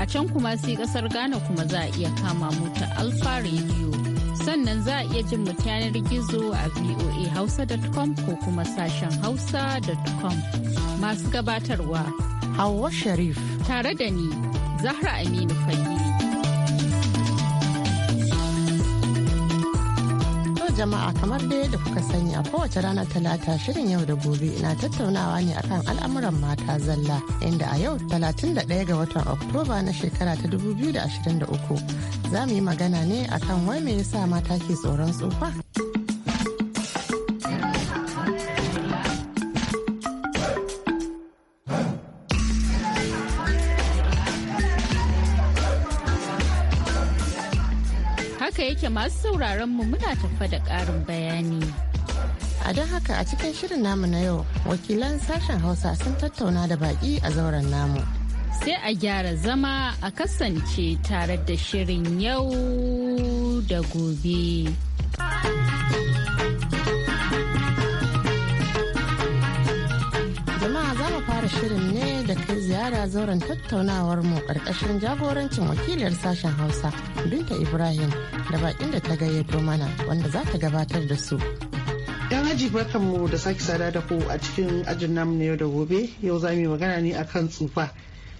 A can kuma sai kasar Ghana kuma za a iya kama mu ta Alfa Radio. Sannan za a iya jin mu yanar gizo a voahausa.com ko kuma sashen hausa.com. Masu gabatarwa. Hauwa Sharif. Tare da ni, Zahra Aminu Fahimi. jama'a kamar da yadda kuka sani a kowace ranar talata shirin yau da gobe na tattaunawa ne akan al'amuran mata zalla inda a yau 31 ga watan oktoba na shekara ta 2023 za mu yi magana ne akan wai me yasa mata ke tsoron tsufa. sake masu sauraron mu muna tafa da ƙarin bayani. A don haka a cikin shirin namu na yau wakilan sashen Hausa sun tattauna da baƙi a zauren namu. Sai a gyara zama a kasance tare da shirin yau da gobe. Jama'a za mu fara shirin ne ziyara zauren tattaunawar mu karkashin jagorancin wakilar sashen Hausa Binta Ibrahim da baƙin da ta gayyato mana wanda za ta gabatar da su. Yan haji barkanmu da sake sada da ku a cikin ajin namu na yau da gobe yau za mu magana ne akan tsufa.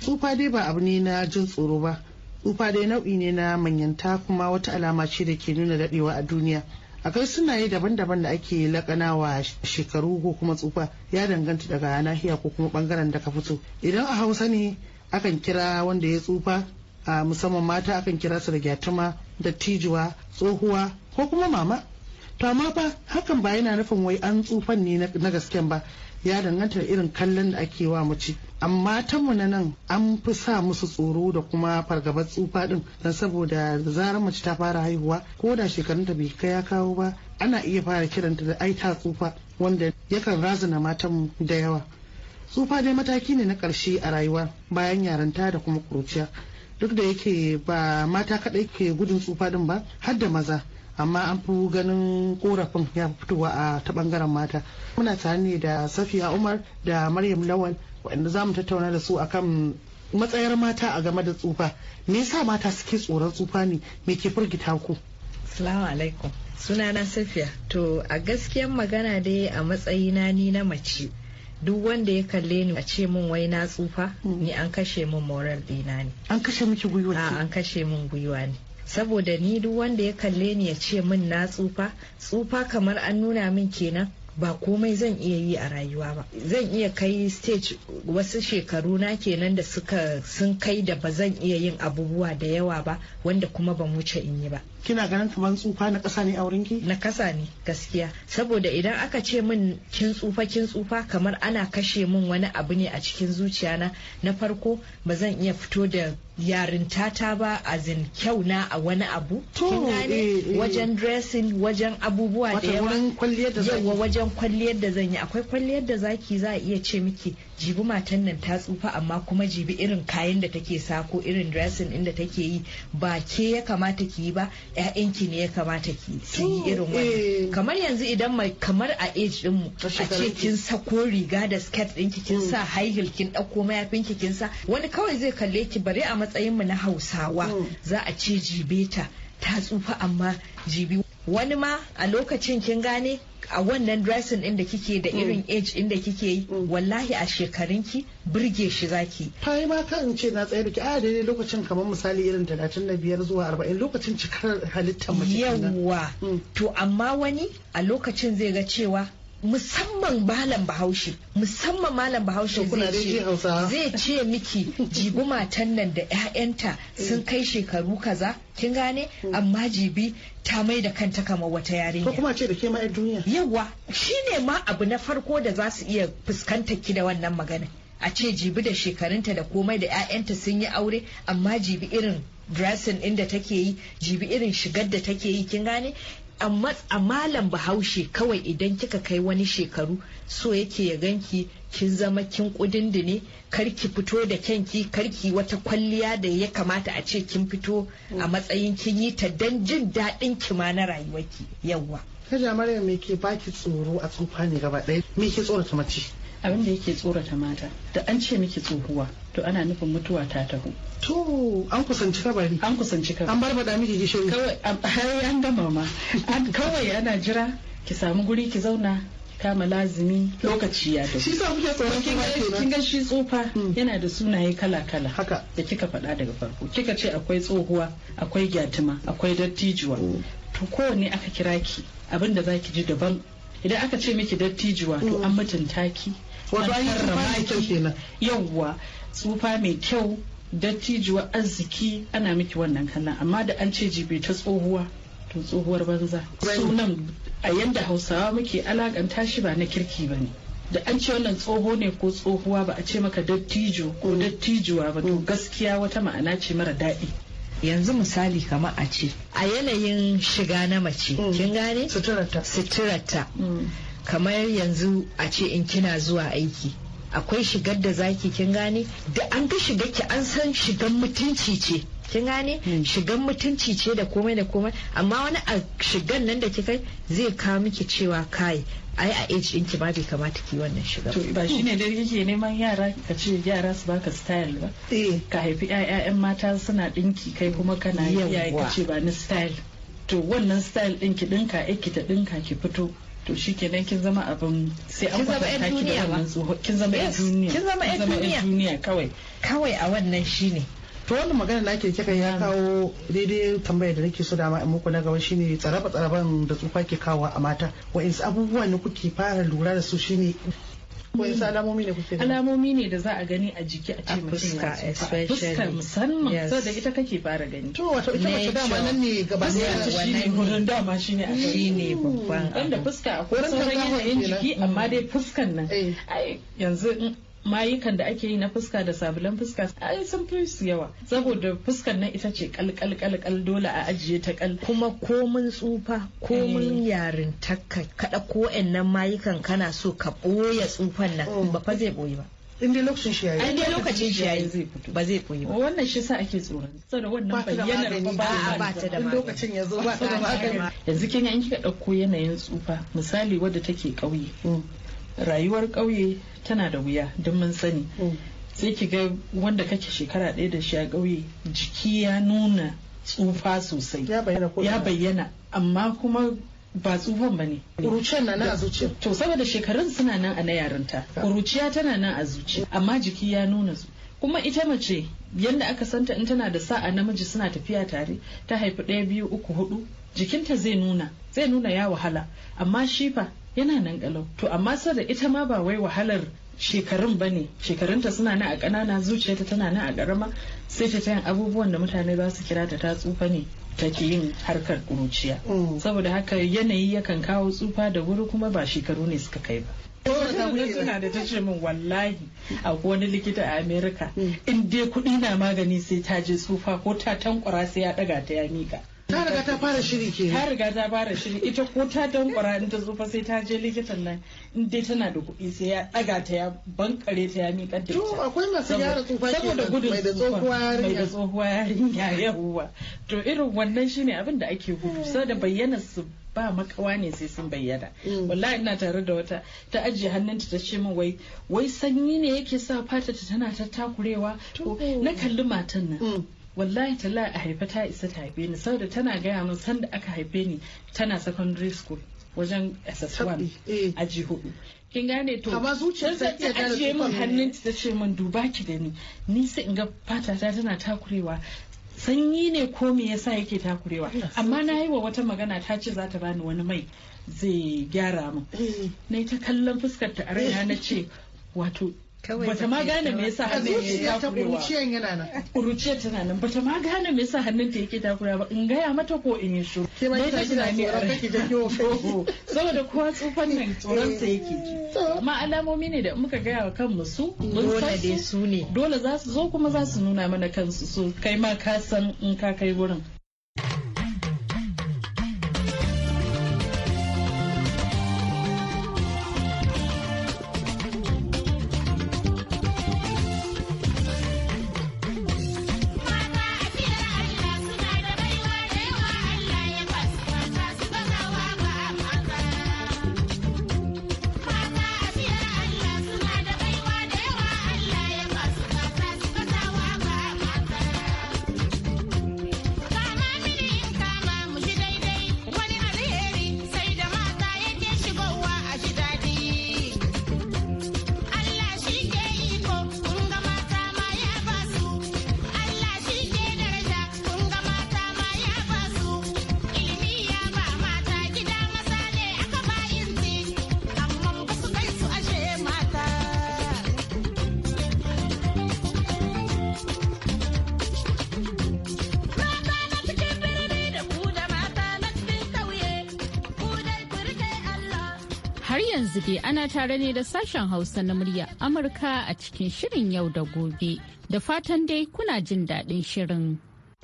Tsufa dai ba abu ne na jin tsoro ba. Tsufa dai nau'i ne na manyanta kuma wata alama ce da ke nuna daɗewa a duniya. akwai sunaye daban-daban da ake lakanawa shekaru ko kuma tsufa ya danganta daga nahiya ko kuma bangaren da ka fito idan a hausa ne akan kira wanda ya tsufa a musamman mata akan kira su da gyatuma da tijuwa tsohuwa ko kuma mama to amma fa hakan ba yana nufin wai an tsufan ne na gasken ba ya danganta irin kallon da ake wa mace amma mu na nan an fi sa musu tsoro da kuma fargabar tsufa din don saboda da zarar mace ta fara haihuwa ko da shekarunta bai kai ya kawo ba ana iya fara kiranta da aita tsufa wanda yakan razana matanmu da yawa tsufa dai mataki ne na karshe a rayuwa bayan yaranta da kuma kuruciya duk da yake ba mata kadai ke gudun tsufa din ba har da maza amma an fi ganin korafin ya fitowa a ta bangaren mata muna tare ne da safiya umar da maryam lawal waɗanda za mu tattauna da su akan matsayar mata a game da tsufa me yasa mata suke tsoron tsufa ne me ke firgita ku salamu alaikum. Sunana Safiya. To a gaskiyan magana dai a matsayina ni na mace. Duk wanda ya kalle ni a ce min wai na tsufa, hmm. ni an kashe min moral dina ne. An kashe miki gwiwa An kashe min gwiwa ne. saboda ni duk wanda ya kalle ni ya ce min na tsufa tsufa kamar an nuna min kenan ba komai zan iya yi a rayuwa ba zan iya kai stage wasu shekaru na kenan da suka sun kai da ba zan iya yin abubuwa da yawa ba wanda kuma ban wuce in yi ba kina ganin kamar tsufa na ƙasa ne a wurin ki na ƙasa ne gaskiya saboda idan aka ce min kin tsufa kin tsufa kamar ana kashe min wani abu ne a cikin zuciya na na farko ba zan iya fito da yarintata ba a kyau na a wani abu kin eh, eh. wajen dressing wajen abubuwa da yawa wajen kwalliyar da zan yi akwai kwalliyar da zaki za a iya ce miki jibi matan nan ta tsufa amma kuma jibi irin kayan da take sa ko irin dressing inda take yi ba ke ya kamata ki yi ba ƴaƴanki ne ya kamata ki yi irin wannan eh. kamar yanzu idan mai kamar a age din mu a ce kin sa ko riga da skirt din ki kin mm. sa high heel kin ɗauko mayafin ki kin sa wani kawai zai kalle ki bare a matsayin mu na Hausawa mm. za a ce jibe ta ta tsufa amma jibi wani ma a lokacin kin gane a wannan dressing din da kike da mm. irin age din da kike yi mm. wallahi a shekarunki burge shi zaki ta yi ma kan ce na tsaye da ki a daidai lokacin kamar misali irin 35 zuwa 40 lokacin cikar halittar mace wa? Mm. to amma wani a lokacin zai ga cewa musamman malam bahaushe musamman malam bahaushe zai ce miki jibi matan nan da 'ya'yanta sun kai shekaru kaza kin gane amma jibi ta mai da kanta kamar wata yarinya ko kuma ce da ke ma duniya yawa shine ma abu na farko da za su iya fuskantar ki da wannan magana a ce jibi da shekarunta da komai da 'ya'yanta sun yi aure amma jibi irin dressing inda take yi jibi irin shigar da take yi kin gane a malam bahaushe kawai idan kika kai wani shekaru so yake ya ganki kin zama kin ne karki fito da kyanki karki wata kwalliya da ya kamata a ce kin fito mm. a matsayin kin yi ta don jin daɗin kima na rayuwarki yawwa. Kaja Maryam me ke baki tsoro a tsufa ne gaba ɗaya me ke ta mace? abin da yake tsorata mata da an ce miki tsohuwa to ana nufin mutuwa ta taho to an kusanci kabari an kusanci kabari an barbada miki gishiri kawai an gama ma kawai ana jira ki samu guri ki zauna kama lazimi lokaci ya tafi. Shi sa muke tsoron kuma kin ga shi tsufa mm. yana da sunaye kala-kala. Haka da kika faɗa daga farko. Kika ce akwai tsohuwa, akwai gyatuma, akwai dattijuwa. Mm. To kowanne aka kira ki abin da zaki ji daban. Idan aka ce miki dattijuwa to mm. an mutunta ki, wato an yi tsufa mai kyau kenan yawwa tsufa mai kyau dattijuwa arziki ana miki wannan kallon amma da an ce jibe ta tsohuwa to tsohuwar banza sunan a yanda hausawa muke alakanta shi ba na kirki ba ne da an ce wannan tsoho ne ko tsohuwa ba a ce maka dattijo ko mm. dattijuwa ba to mm. gaskiya wata ma'ana ce mara daɗi yanzu misali kamar a ce a yanayin shiga na mace mm. kin gane suturarta kamar yanzu a ce in kina zuwa aiki akwai shigar da zaki kin gane da an ga shigar ki an san shigar mutunci ce kin gane hmm. shigan mutunci ce da komai da komai amma wani a shigan nan da kika zai kawo miki cewa kai ai a age din ki ba bai kamata ki wannan shiga to ba shine da kike neman yara ka ce yara su baka style ba eh. ka haifi ƴaƴan mata suna dinki kai kuma kana iyaye ka ce ba ni style to wannan style din ki dinka ki ta dinka ki fito to shi kenan kin zama abin sai an kwatanta ki da wannan tsoho kin zama yan duniya kin zama yan duniya kawai kawai a wannan shine to wannan magana da ake kika ya kawo daidai tambaya da nake so dama in muku na gaba shine tsaraba tsaraban da tsufa ke kawo a mata wa'insu abubuwan da kuke fara lura da su shine wasu alamomi ne kuke alamomi ne da za a gani a jiki a ce mutum ya tsufa fuska musamman da ita kake fara gani to wato ita mace dama nan ne gaba ɗaya shi ne dama shi ne shi ne babban wanda fuska akwai sauran yanayin jiki amma dai fuskan nan eh. yanzu mayukan da ake yi na fuska da sabulan fuska ai sun fi su yawa saboda fuskar nan ita ce kalkal kalkal dole a ajiye ta kal kuma komun tsufa komun yarintakka kada ko mm. nan mayukan kana so ka boye tsufan nan oh. ba fa zai boye ba in dai lokacin shi yayi in dai lokacin shi yayi zai fito ba zai boye ba wannan shi sa ake tsoron saboda wannan bayyanar ba ba ta da in lokacin ya zo ba ta da magani yanzu kin in kika dauko yanayin tsufa misali wadda take kauye mm. rayuwar ƙauye tana da wuya don mun sani mm. sai ki ga wanda kake shekara ɗaya da shi a ƙauye jiki ya nuna tsufa sosai ya bayyana amma kuma ba tsufan ba ne. na nan a zuciya. To saboda shekarun suna nan a na yarinta. Ƙuruciya tana nan a zuciya amma jiki ya nuna su. Kuma ita mace yadda aka santa in tana da sa'a namiji suna tafiya tare ta haifi ɗaya biyu uku hudu jikinta zai nuna zai nuna ya wahala amma shifa yana nan kalau to amma sada ita ma ba wai wahalar shekarun bane ne shekarunta suna nan a ƙanana zuciyarta tana nan a ƙarama sai ta yin abubuwan da mutane za su kira ta ta tsufa ne take yin harkar kuruciya mm. saboda haka yanayi yakan kawo tsufa da wuri kuma ba shekaru ne suka kai ba tana da ta ce min wallahi a wani likita a Amerika. Mm. in dai kuɗi na magani sai ta je tsufa ko ta tankwara sai ya ɗaga ta ya mika ta riga ta fara shiri ke ta riga ta fara shiri ita ko ta dankwara in ta zufa sai ta je likitan nan in dai tana da kuɗi sai ya ɗaga ta ya bankare ta ya miƙa da ita akwai masu gyara tsufa ke saboda gudun mai da yarinya mai da tsohuwa yarinya to irin wannan shine abin da ake gudu hmm. saboda bayyana su ba makawa ne sai sun bayyana hmm. wallahi ina tare da wata ta ajiye hannunta ta ce min wai wai sanyi ne yake sa fata ta tana ta takurewa na kalli matan nan hmm. wallahi talla a haifa ta isa ta haife ni saboda tana gaya min sanda aka haife ni tana secondary school wajen ss1 eh. a kin gane to amma zuciyar ta iya ta ajiye min hannun ta ce min duba ki da ni ni sai in ga fata ta tana takurewa sanyi ne ko me yasa yake takurewa amma na yi wa wata magana ta ce za ta bani wani mai zai gyara min eh. na ta kallon fuskar ta a na ce wato bata ma gane me yasa hannun ta kuruciyan yana nan kuruciyan tana nan bata ma gane me yasa hannun ta yake takura ba in gaya mata ko in yi shiru ke ba ta kina ne a kake janyo ko saboda kowa tsufan nan tsoron ta yake ji amma alamomi ne da muka gaya wa kanmu su mun san dai su ne dole za su zo kuma za su nuna mana kansu so kai ma ka san in ka kai gurin yanzu dai ana tare ne da sashen Hausa na murya Amurka a cikin shirin yau da gobe. Da fatan dai kuna jin daɗin shirin.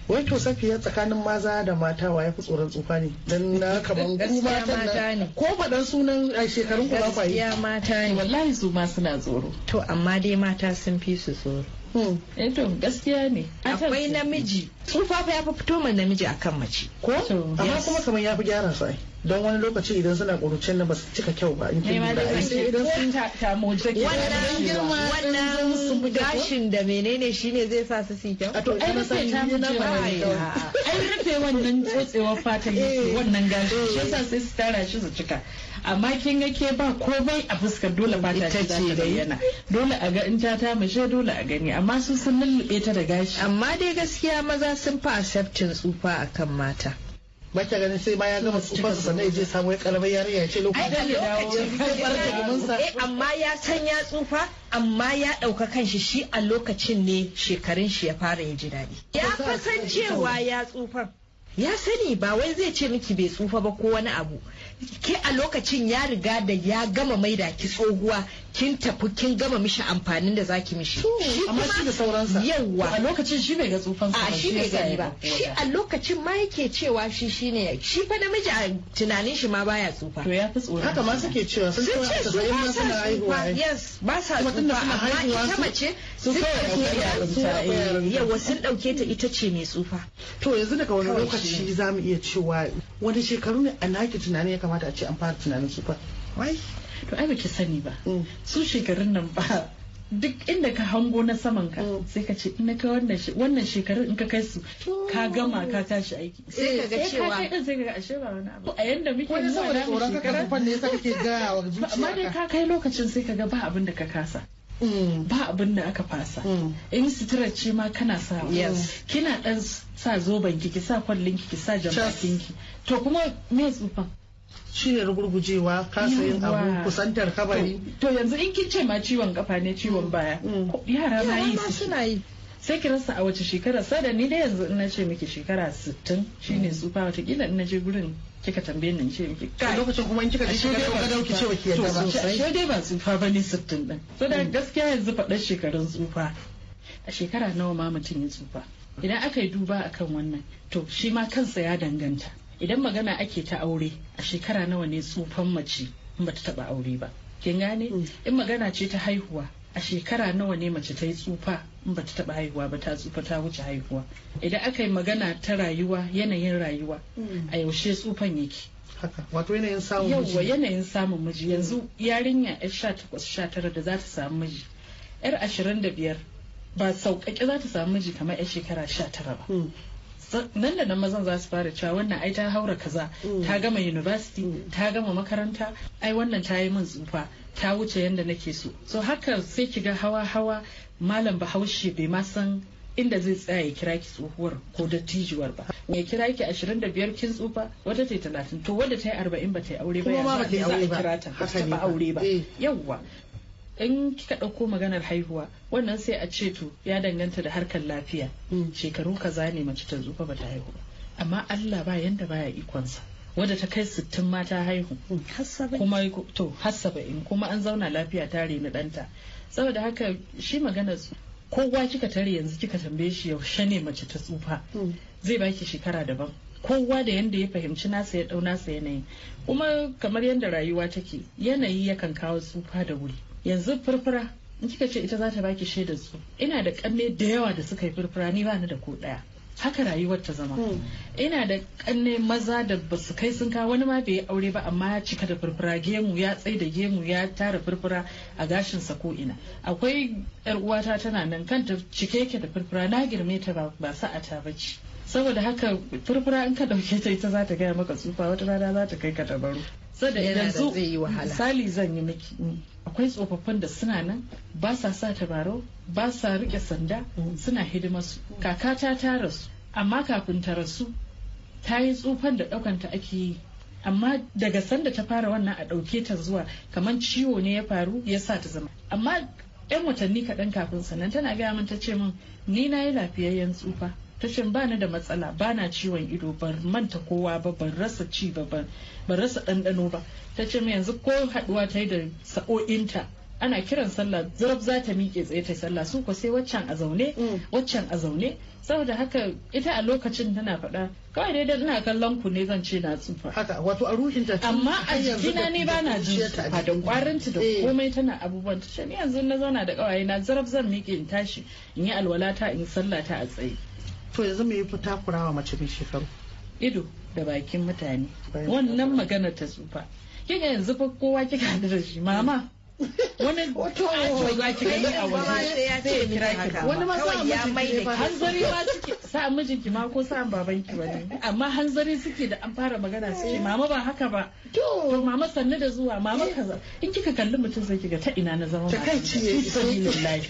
wai to safiya tsakanin maza da mata wa ya fi tsoron tsufa ne don na kaman ku mata ne ko faɗan sunan a eh, shekarun ku ba yi gaskiya mata ne wallahi su ma suna tsoro to amma dai mata sun fi su tsoro hmm. eh to gaskiya ne akwai namiji tsufa fa ya fi fito ma namiji akan mace ko amma kuma kaman ya fi gyara sai don wani lokaci idan suna ƙurucin nan ba su cika kyau ba in kin lura sai idan sun wannan girma wannan gashin da menene shine zai sa su si kyau a to ai rufe ta mun ba ai rufe wannan tsotsewar fatan eh. wannan gashin eh. shi yasa sai su tara shi su cika amma kin ga ke ba komai a fuskar dole ba ta ce da yana. dole a ga in ta ta mace dole a gani amma su sun lulluɓe ta da gashi amma dai gaskiya maza sun fi accepting tsufa akan mata ba ganin sai ma ya gama tsufansa sannan ya je samu ya karama yarinya ce lokacin da lokacin eh, da ya amma ya san ya tsufa amma ya ɗauka kanshi shi a lokacin ne shekarun shi ya fara ya ji daɗi ya fasan cewa ya tsufa ya sani ba wai zai ce miki bai tsufa ba ko wani abu ke a lokacin ya riga da ya gama maida ki tsohuwa kin tafi kin gama mishi amfanin da zaki mishi amma shi da sauransa yawa a lokacin shi bai ga tsufan sa shi bai gani ba shi a lokacin ma yake cewa shi shine shi fa namiji a tunanin shi ma baya tsufa to ya fi tsoro haka ma suke cewa sun ce su ba sa haihuwa yes ba sa tsufa amma ita mace su dauke yawa sun dauke eh, ta ita ce mai tsufa to yanzu daga wani lokaci zamu iya cewa wani shekaru ne a naki tunani ya kamata a ce an fara tunanin tsufa wai to ai baki sani ba mm. su shekarun nan ba duk inda ka hango na saman ka mm. sai ka ce ina ka wannan shekarun in ka kai su ka gama ka tashi aiki sai ka ga cewa sai ka kai sai ka ga ashe ba wani abu a yanda muke wani da tsoron ka kafan ne sai kake ga wa zuciya amma dai ka kai lokacin sai ka ga ba abin da ka kasa mm. ba abin da aka fasa in sutura ce ma kana sa kina dan sa zoben ki ki sa kwallin ki ki sa jama'a ki to kuma me tsufan shine rugurgujewa kasa yin abu kusantar kabari to yanzu in kin ce ma ciwon kafa ne ciwon baya mm. yara ma yi suna yi sai ki rasa a wace shekara sada ni da yanzu ina ce miki shekara 60 shine mm. tsufa wata kila ina je gurin kika tambaye ni ce miki kai lokacin kuma in kika ji shekara ka dauki ce ki yadda ba sai dai ba tsufa bane 60 din so da mm. gaskiya yanzu faɗar shekarun tsufa a shekara nawa ma mutum ya tsufa idan aka yi duba akan wannan to shi ma kansa ya danganta idan magana ake ta aure a shekara nawa ne tsufan mace in bata taba aure ba kin gane mm. in magana ce ta haihuwa a shekara nawa ne mace ta yi tsufa in bata taba haihuwa ba ta tsufa ta wuce haihuwa idan aka yi magana ta rayuwa yanayin rayuwa mm. a yaushe tsufan yake haka wato yanayin samun miji mm. yanzu yarinya yar sha takwas sha tara da za ta samu miji yar ashirin da biyar ba sauƙaƙe za ta samu miji kamar yar shekara sha tara ba nan da nan mazan za su fara cewa wannan ai ta haura kaza mm. ta gama university mm. ta gama makaranta ai wannan ta yi min tsufa ta wuce yadda nake so so haka sai ki ga hawa hawa malam bahaushe bai ma san inda zai tsaya ya kira ki tsohuwar ko dattijuwar ba ya kira ki 25 kin tsufa wata ta 30 to wadda ta yi 40 ba ta yi aure ba ya ba a kira ta ba aure ba eh. yawwa in kika ɗauko maganar haihuwa wannan sai a ce to ya danganta da harkar lafiya hmm. shekaru kaza ne mace ta tsufa ba ta haihu amma Allah ba yanda baya ikonsa wadda ta kai sittin mata haihu hmm. kuma to har in kuma an zauna lafiya tare na ɗanta saboda haka shi maganar kowa kika tare yanzu kika tambaye shi yaushe ne mace ta tsufa hmm. zai baki shekara daban kowa da yanda ya fahimci nasa ya dau nasa yanayin kuma kamar yadda rayuwa take yanayi yakan kawo tsufa da wuri yanzu furfura in kika ce ita za ta baki shaidar su ina da kanne da yawa da suka yi furfura ni ba ni da ko daya haka rayuwar ta zama hmm. ina da kanne maza da ba su kai sun kawo wani ma bai yi aure ba amma ya cika da furfura gemu ya tsai da gemu ya tara furfura a gashin sa ko ina akwai yar uwata tana nan kanta cike yake da furfura na girme ta ba sa'a ta bace saboda haka furfura in ka dauke ta ita za ta gaya maka tsufa wata rana za ta kai ka dabaru saboda yanzu misali zan yi miki akwai tsofaffin da suna nan ba sa sa tabarau ba sa rike sanda suna hidimar su kakata ta rasu amma kafin ta rasu ta yi tsufan da ɗaukanta ake yi amma daga sanda ta fara wannan a ɗauke ta zuwa kamar ciwo ne ya faru ya sa ta zama amma yan watanni kaɗan kafin sannan tana gaya min ta ce min ni na yi lafiyayyen tsufa ta ce bani da matsala bana ciwon ido ban manta kowa ba ban rasa ci ba ban rasa ɗanɗano ba ta ce yanzu ko haɗuwa ta yi da sa'o'inta ana kiran sallah zarab za ta miƙe tsaye ta sallah su ko sai waccan a zaune mm. waccan a zaune saboda haka ita a lokacin tana faɗa kawai dai dan ina kallon ku ne zan ce na tsufa haka wato a ruhin ta amma a jikina ne ba jin tsufa da kwarin eh. da komai tana abubuwan ta ce ni yanzu na zauna da kawaye na zarab zan miƙe in tashi in yi alwala ta in sallah ta a tsaye to yanzu me yafi takurawa mace mai shekaru ido da bakin mutane wannan magana ta tsufa kika yanzu fa kowa kika da shi mama wani wato ya ki gani a waje ya ce kira wani ma sa mijin hanzari ma suke sa mijinki ki ma ko sa baban ki wani amma hanzari suke da an fara magana suke mama ba haka ba to mama sanne da zuwa mama kaza in kika kalli mutum sai kiga ta ina na zama ba kai ci ne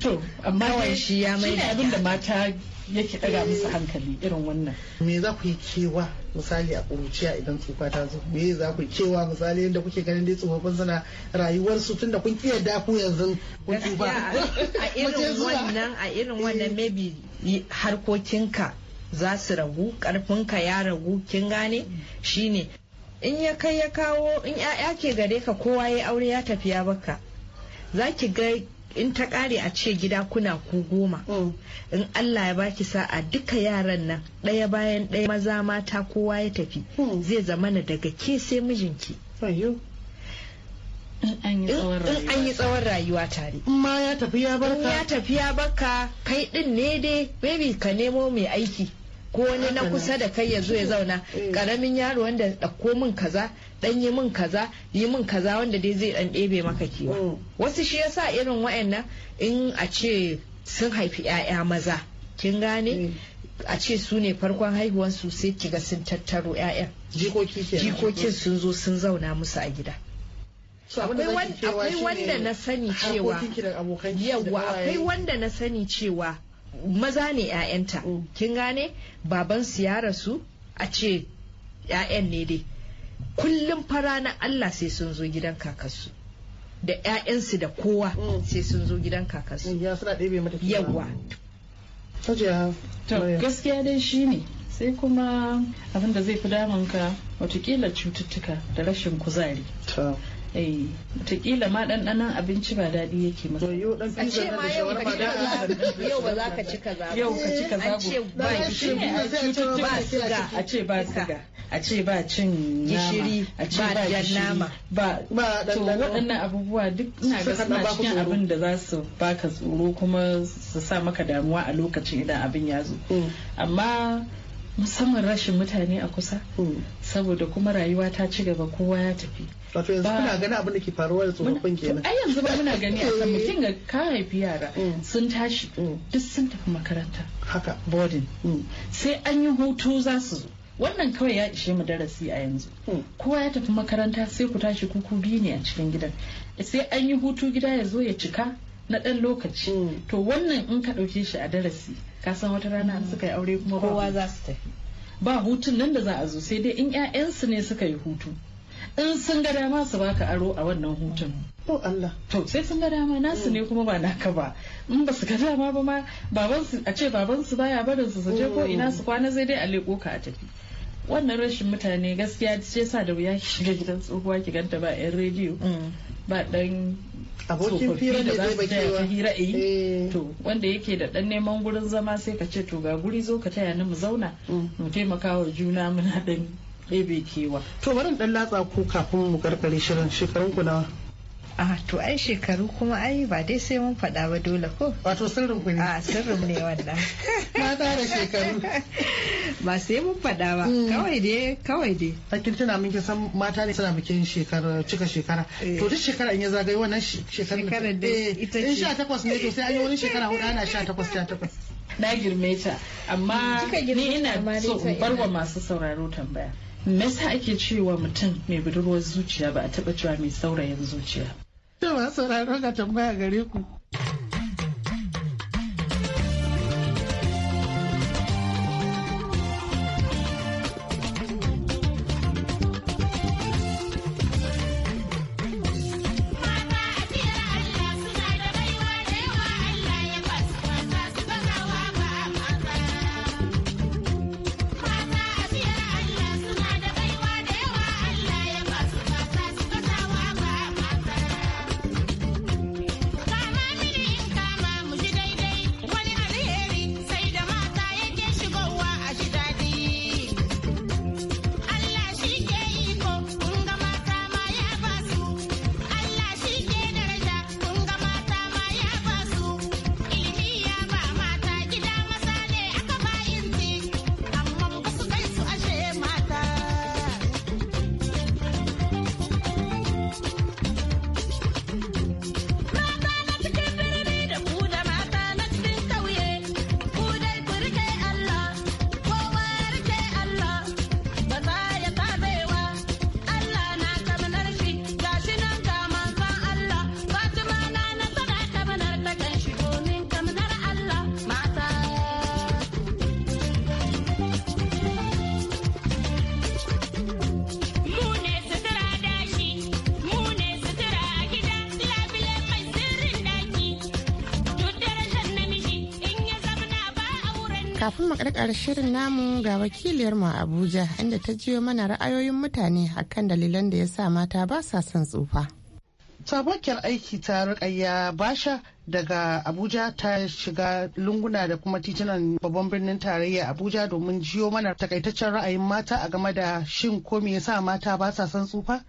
to amma shi ya mai abin da mata yake daga musu hankali irin wannan me za ku yi kewa misali a kuruciya idan tsufa ta zo me za ku yi kewa misali yadda kuke ganin dai tsofaffin suna rayuwar su tunda kun kiyar da ku yanzu kun tsufa a irin wannan a irin wannan eh. maybe harkokinka za su ragu karfinka ya ragu kin gane shine in ya kai ya kawo in 'ya'ya ke gare ka kowa ya aure ya tafi ya baka za ki ga in ta kare a ce gida kuna ku goma mm. in Allah ya baki sa'a duka yaran nan ɗaya bayan ɗaya maza mata kowa ya tafi mm. zai zamana daga ke sai mijinki in an yi tsawon rayuwa tare. Ma ya tafi ya barka. Ya tafi ya kai din ne dai baby ka nemo mai aiki. ko wani na kusa da kai ya zo ya zauna eh. karamin yaro wanda ɗauko min kaza dan yi min kaza yi min kaza wanda dai zai dan ɗebe maka kiwa mm. wasu shi yasa irin wayannan in a ce sun haifi 'ya'ya maza kin gane mm. a ce su ne farkon su sai kiga sun tattaro yaya jikokin sun zo sun zauna musu a gida akwai wanda na akwai wanda na sani cewa maza ne 'ya'yanta mm. kin gane babansu ya rasu a ce 'ya'yan ne dai kullum fara na Allah sai sun zo gidan kakarsu da 'ya'yansu da kowa mm. sai sun zo gidan kakarsu mm, yawa ah, to gaskiya dai shi ne sai kuma abin zai fi damunka watakila cututtuka da rashin kuzari eh ma ɗanɗanon abinci ba daɗi yake masa. Yau ɗan pizza na da shawarma da Yau ba za ka cika kaza Yau ka cika kaza ba. ce ba gishiri a ba siga. A ce ba siga. A ce ba cin gishiri. A ce ba gishiri. Ba ba To waɗannan abubuwa duk ina ga suna cikin abin da za su baka tsoro kuma su sa maka damuwa a lokacin idan abin ya zo. Mm. Amma musamman rashin mutane a kusa mm. saboda kuma rayuwa ta ci gaba kowa ya tafi wato yanzu kuna gani abin da ke faruwa da tsofaffin kenan ai yanzu ba muna gani a sama eh. kin ga ka haifi yara mm. sun tashi mm. duk sun tafi makaranta haka boarding mm. sai an yi hutu za su zo wannan kawai ya ishe mu darasi a yanzu kowa ya tafi makaranta sai ku tashi kuku biyu ne a cikin gidan sai an yi hutu gida ya zo ya cika na ɗan lokaci to wannan in ka ɗauke shi a darasi kasan wata rana suka yi aure kuma kowa za su tafi ba hutun nan da za a zo sai dai in 'ya'yansu ne suka yi hutu in sun ga dama su baka aro a wannan hutun to Allah to sai sun ga dama nasu ne kuma ba naka ba in ba su ga dama ba ma baban su a ce baban su baya barin su su je ko ina su kwana zai dai a leko ka a tafi wannan rashin mutane gaskiya ce sa da wuya ki shiga gidan tsohuwa ki ganta ba yan rediyo mm. ba dan abokin fira da za su hira yi eh, eh. to wanda yake da dan neman gurin zama sai ka ce to ga guri zo ka taya ni mu zauna mm. mu taimaka wa juna muna dan ɗebe kewa to bari dan latsa ku kafin mu karkare shirin shekarun ku nawa a ah, to ai shekaru kuma ai ba dai sai mun faɗa ba dole ko? Wato sirrin ku ne. Ah, sirrin ne wannan. Mata da shekaru. Ba sai mun faɗa ba. Mm. Kawai dai, kawai dai. Hakin tuna mun san mata ne suna bikin shekara cika shekara. Eh. To duk shekara in ya zagaye wannan shekara. da eh, ita ce. In sha takwas ne to sai an yi wani shekara huɗu ana sha takwas sha takwas. Na girme ta, amma ni ina so in barwa masu sauraro tambaya. Me yasa ake cewa mutum mai budurwar zuciya ba a taba cewa mai saurayin zuciya? To masu sauraro ga tambaya gare ku. kafin mu karkar shirin namu ga wakiliyar mu Abuja inda ta jiyo mana ra'ayoyin mutane akan dalilan da ya sa mata ba sa son tsufa. Sabokiyar aiki ta rukayya basha daga Abuja ta shiga lunguna da kuma titunan babban birnin tarayya Abuja domin jiyo mana takaitaccen ra'ayin mata a game da shin ko me yasa mata ba sa son tsufa?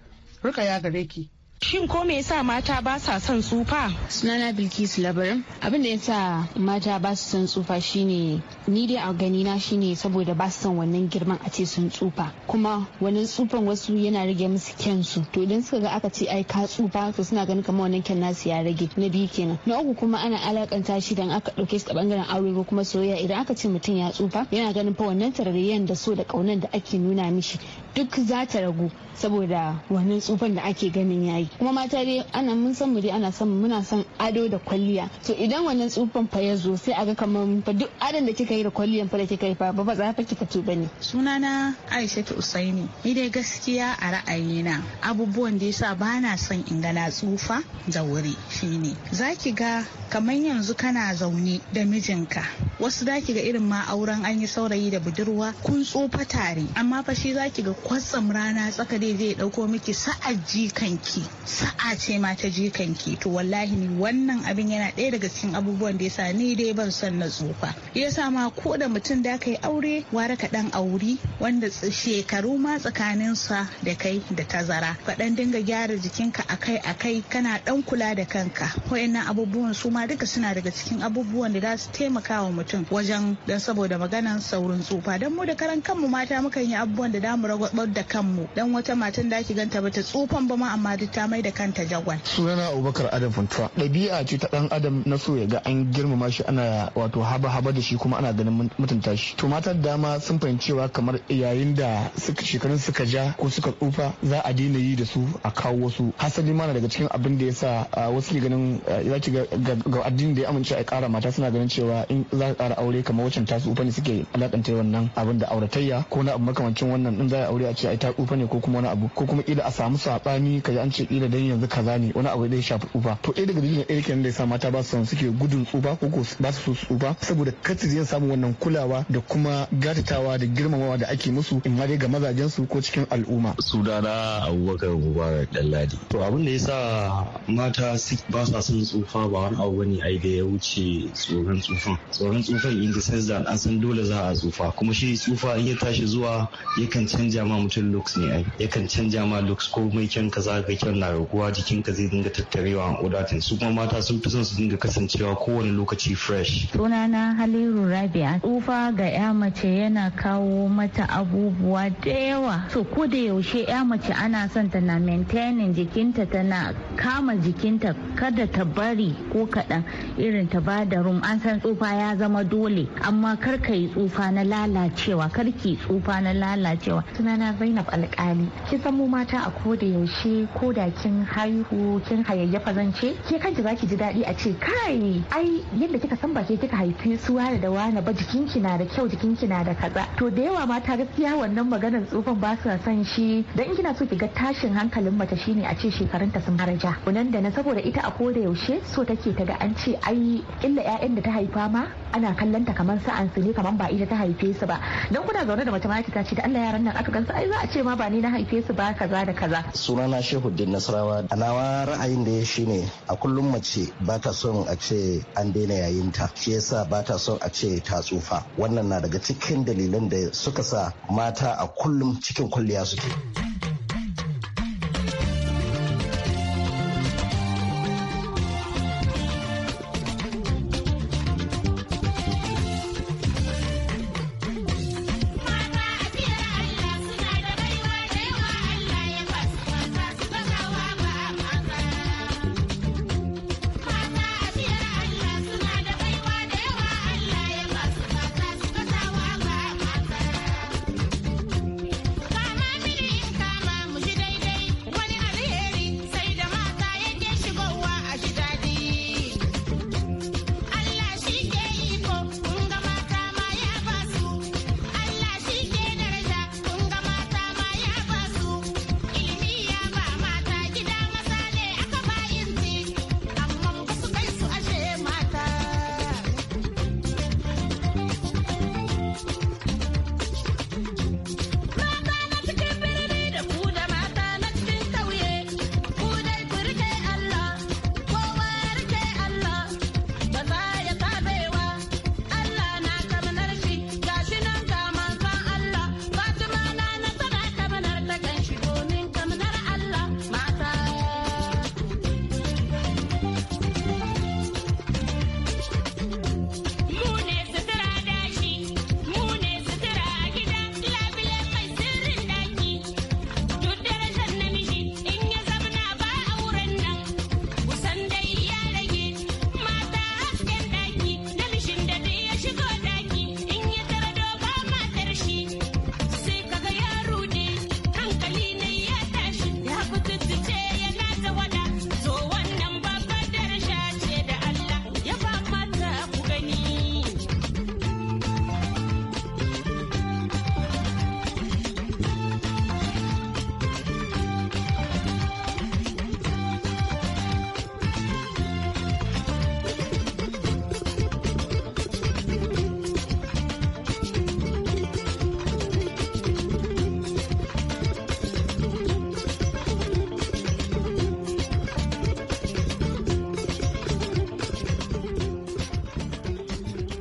Rukaya gare ki. Shin ko me yasa mata ba sa son tsufa? Sunana Bilkisu Labarin. Abin da yasa mata ba su son tsufa shine ni dai a gani na shine saboda ba su son wannan girman a ce sun tsufa. Kuma wani tsufan wasu yana rage musu kyansu. To idan suka ga aka ce ai ka tsufa to suna ganin kamar wannan kyan nasu ya rage. Na biyu kenan. Na uku kuma ana alakanta shi dan aka ɗauke shi ta bangaren aure ko kuma soyayya idan aka ce mutum ya tsufa yana ganin fa wannan tarayyan da so da kaunan da ake nuna mishi duk za ta ragu saboda wannan tsufan da ake ganin yayi. kai kuma mata dai ana mun san mu dai ana son muna son ado da kwalliya to idan wannan tsufan fa ya zo sai a ga kamar fa duk adon da kika yi da kwalliyan fa da kika yi fa ba za fa ki fito bane sunana aisha Usaini ni dai gaskiya a ra'ayina abubuwan da yasa ba na son in ga na tsufa da wuri shine zaki ga kamar yanzu kana zaune da mijinka wasu zaki ga irin ma auren an yi saurayi da budurwa kun tsufa tare amma fa shi zaki ga kwatsam rana tsaka dai zai dauko miki sa'aji kanki sa'a ce ma ta kanki to wallahi ne wannan abin yana ɗaya daga cikin abubuwan da ya sa ni dai ban son na tsufa yasa ma ko da mutum da ka yi aure ware ka dan auri wanda shekaru ma tsakanin sa da kai da tazara ka dan dinga gyara jikinka akai akai kana dan kula da kanka wayannan abubuwan su ma duka suna daga cikin abubuwan da za su taimaka wa mutum wajen dan saboda maganan saurin tsufa dan mu da karan kanmu mata mukan yi abubuwan da damu ragwabar da kanmu dan wata matan da ki ganta bata tsufan ba ma amma duk ta mai da kanta jagwal. sunana abubakar adam funtuwa ɗabi'a ce ta ɗan adam na so ya ga an girmama shi ana wato haba haba da shi kuma ana ganin mutunta shi to mata dama sun fahimci cewa kamar yayin da shekarun suka ja ko suka tsufa za a daina yi da su a kawo wasu hasali mana daga cikin abin da ya sa wasu ke ganin za ki ga addini da ya amince a ƙara mata suna ganin cewa in za a ƙara aure kamar wacan ta tsufa ne suke alakanta wannan abin da auratayya ko na abu makamancin wannan in za a aure a ce ai ta tsufa ne ko kuma wani abu ko kuma kila a samu saɓani kaji an ce kila dan yanzu kaza ne wani abu da ya shafi tsufa to ɗaya daga dalilin ɗaya kenan da sa mata ba su son suke gudun tsufa ko ba su so tsufa saboda kacce zai samu wannan kulawa da kuma gatatawa da girmamawa da ake musu in ma ga mazajen su ko cikin al'umma Sudana abubakar mubarak dalladi to abin da sa mata ba sa son tsufa ba wani abu bane ai da ya wuce tsoron tsufan tsoron tsufan in the sense an san dole za a tsufa kuma shi tsufa in ya tashi zuwa yakan canja ma mutum looks ne ai yakan canja ma looks ko mai kyan kaza ga kyan yana raguwa jikinka zai dinga tattarewa wadatin su kuma mata sun fi son su dinga kasancewa kowane lokaci fresh sunana haliru rabia tsufa ga ya mace yana kawo mata abubuwa da yawa so ko da yaushe ya mace ana son ta na maintaining jikinta tana kama jikinta kada ta bari ko kaɗan irin ta ba da rum an san tsufa ya zama dole amma kar ka yi tsufa na lalacewa kar ki tsufa na lalacewa sunana zainab alƙali ki mu mata a ko da yaushe ko da kin haihu kin hayayyafa zance ke kanki zaki ji daɗi a ce kai ai yadda kika san ke kika haifi su wani da wani ba jikinki na da kyau jikinki na da kaza to da yawa mata gaskiya wannan maganar tsufan ba su san shi dan kina so ki ga tashin hankalin mace shine a ce shekarunta sun haraja kunan da na saboda ita a koda yaushe so take ta ga an ce ai illa ƴaƴan da ta haifa ma ana kallon ta kamar sa'an su ne kamar ba ita ta haife su ba dan kuna zaune da mace ma ta ce da Allah yaran nan aka gansu ai za a ce ma ba ni na haife su ba kaza da kaza sunana Shehuddin nasarawa alawa ra'ayin da ya shi ne a kullum mace ba ta son a ce an daina yayin ta shi yasa ba ta son a ce ta tsufa wannan na daga cikin dalilan da suka sa mata a kullum cikin kulliya suke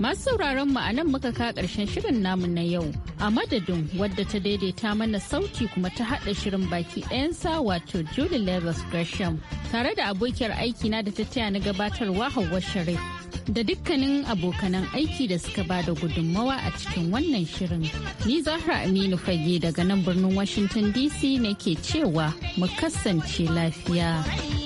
Masu sauraron mu a nan muka ka ƙarshen shirin namu na yau. A madadin wadda ta daidaita mana sauti kuma ta haɗa shirin baki sa wato juli legas Gresham tare da abokiyar aikina da ta taya na gabatarwa Hauwa Sharif. Da dukkanin abokanan aiki da suka ba da gudunmawa a cikin wannan shirin. Ni Zahra Aminu Fage daga nan birnin Washington DC nake cewa mu kasance lafiya.